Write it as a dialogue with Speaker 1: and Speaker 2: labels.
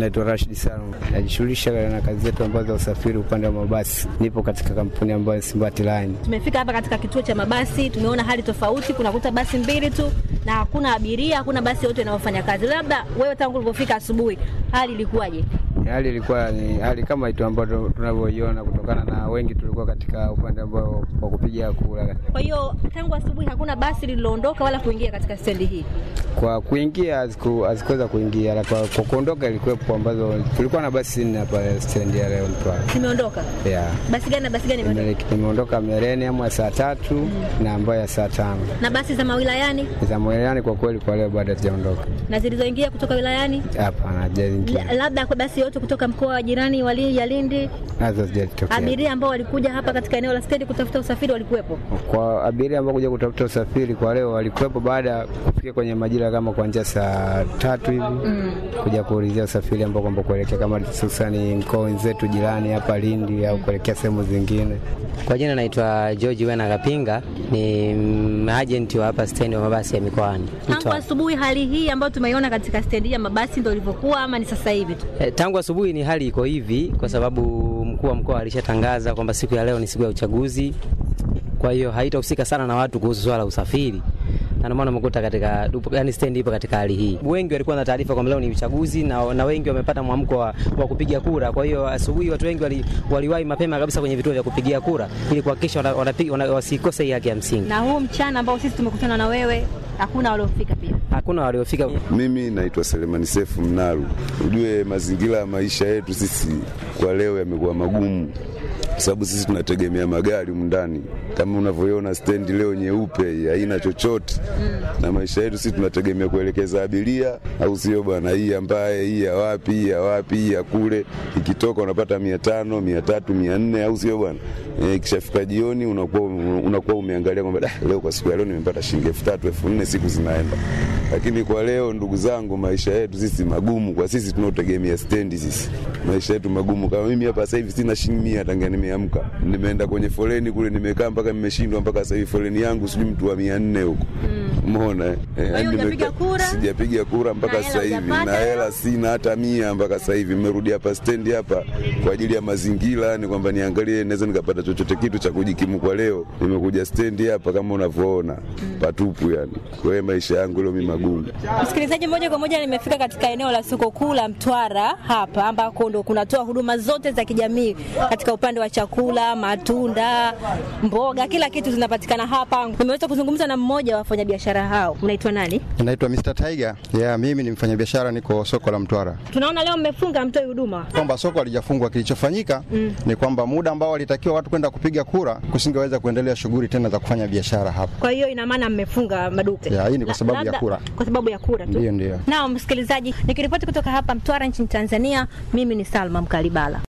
Speaker 1: Naitwa Rashid Salum, najishughulisha na kazi zetu ambazo za usafiri upande wa mabasi. Nipo katika kampuni ambayo Simbati Line.
Speaker 2: Tumefika hapa katika kituo cha mabasi, tumeona hali tofauti, kunakuta basi mbili tu na hakuna abiria, hakuna basi yote inayofanya kazi. Labda wewe tangu ulipofika asubuhi hali ilikuwaje?
Speaker 1: hali yaani ilikuwa ni hali kama itu ambayo tunavyoiona kutokana na wengi tulikuwa katika upande ambao wa kupiga kura.
Speaker 2: Kwa hiyo tangu asubuhi hakuna basi lililoondoka wala kuingia katika stendi hii.
Speaker 1: Kwa kuingia hazikuweza kuingia, la kwa kuondoka ilikuwepo, ambazo tulikuwa na basi nne hapa stendi ya leo mtwa. Imeondoka? Yeah.
Speaker 2: Basi gani na basi gani
Speaker 1: imeondoka? Imeondoka Mereni amu ya saa tatu mm, na ambayo ya saa tano.
Speaker 2: Na basi za mawilayani?
Speaker 1: Za mawilayani kwa kweli kwa leo bado hazijaondoka.
Speaker 2: Na zilizoingia kutoka wilayani?
Speaker 1: Hapana, hazijaingia.
Speaker 2: Labda kwa basi yote watu kutoka mkoa wa jirani wa Lindi, abiria ambao walikuja hapa katika eneo la stendi kutafuta usafiri walikuwepo?
Speaker 1: Kwa abiria ambao kuja kutafuta usafiri kwa leo walikuwepo baada ya kufikia kwenye majira kama kuanzia saa tatu hivi mm. kuja kuulizia usafiri ambao kwamba kuelekea kama hususani mkoa wenzetu jirani hapa Lindi au kuelekea sehemu zingine.
Speaker 3: Kwa jina naitwa George Wena Kapinga, ni ajenti wa hapa stendi wa mabasi ya mikoani. Tangu
Speaker 2: asubuhi hali hii ambayo tumeiona katika stendi ya mabasi ndio ilivyokuwa ama ni sasa hivi
Speaker 3: tu? E, tangu asubuhi ni hali iko hivi, kwa sababu mkuu wa mkoa alishatangaza kwamba siku ya leo ni siku ya uchaguzi. Kwa hiyo haitahusika sana na watu kuhusu swala usafiri na ndio maana umekuta katika yani stendi ipo katika hali hii. Wengi walikuwa na taarifa kwamba leo ni uchaguzi na, na wengi wamepata mwamko wa, wa kupiga kura. Kwa hiyo asubuhi watu wengi wali, waliwahi mapema kabisa kwenye vituo vya kupigia kura ili kuhakikisha wasikose
Speaker 4: hii haki ya msingi.
Speaker 2: Na huu mchana ambao sisi tumekutana na wewe hakuna waliofika pia,
Speaker 4: hakuna waliofika. Mimi naitwa Selemani Sefu Mnaru. Ujue mazingira ya maisha yetu sisi kwa leo yamekuwa magumu kwa sababu sisi tunategemea magari mndani ndani, kama unavyoona stendi leo nyeupe haina chochote mm. na maisha yetu sisi tunategemea kuelekeza abiria, au sio bwana? Hii ambaye hii ya wapi, hii ya wapi, hii ya kule, ikitoka unapata mia tano, mia tatu, mia nne, au sio bwana? Eh, ikishafika e, jioni unakuwa unakuwa umeangalia kwamba ah, leo kwa siku ya leo nimepata shilingi elfu tatu, elfu nne siku zinaenda. Lakini kwa leo, ndugu zangu, maisha yetu sisi magumu, kwa sisi tunaotegemea stendi, sisi maisha yetu magumu. Kama mimi hapa sasa hivi sina shilingi 100 tangia nimeamka, nimeenda kwenye foleni kule, nimekaa mpaka nimeshindwa, mpaka sasa hivi foleni yangu sijui mtu wa 400 huko mm umeona. Eh? Yaani sijapiga kura mpaka sasa hivi, na hela sina hata mia mpaka sasa hivi. Nimerudi hapa stendi hapa kwa ajili ya mazingira, ni kwamba niangalie naweza nikapata chochote kitu cha kujikimu kwa leo. Nimekuja stendi hapa kama unavyoona, mm. patupu yani. Kwa hiyo maisha yangu leo mimi magumu.
Speaker 2: Msikilizaji, moja kwa moja nimefika katika eneo la soko kuu la Mtwara hapa ambako ndo kunatoa huduma zote za kijamii katika upande wa chakula, matunda, mboga, kila kitu zinapatikana hapa. Nimeweza kuzungumza na mmoja wa wafanyabiashara biashara hao. Unaitwa nani?
Speaker 4: Naitwa Mr. Tiger. Yeah, mimi ni mfanyabiashara niko soko la Mtwara.
Speaker 2: Tunaona leo mmefunga mtoi huduma.
Speaker 4: Kwamba soko halijafungwa, kilichofanyika mm. ni kwamba muda ambao walitakiwa watu kwenda kupiga kura kusingeweza kuendelea shughuli tena za kufanya biashara hapa.
Speaker 2: Kwa hiyo ina maana mmefunga maduka. Yeah, hii ni kwa sababu ya kura. Kwa sababu ya kura tu. Ndio, ndio. Na msikilizaji, nikiripoti kutoka hapa Mtwara nchini Tanzania, mimi ni Salma Mkalibala.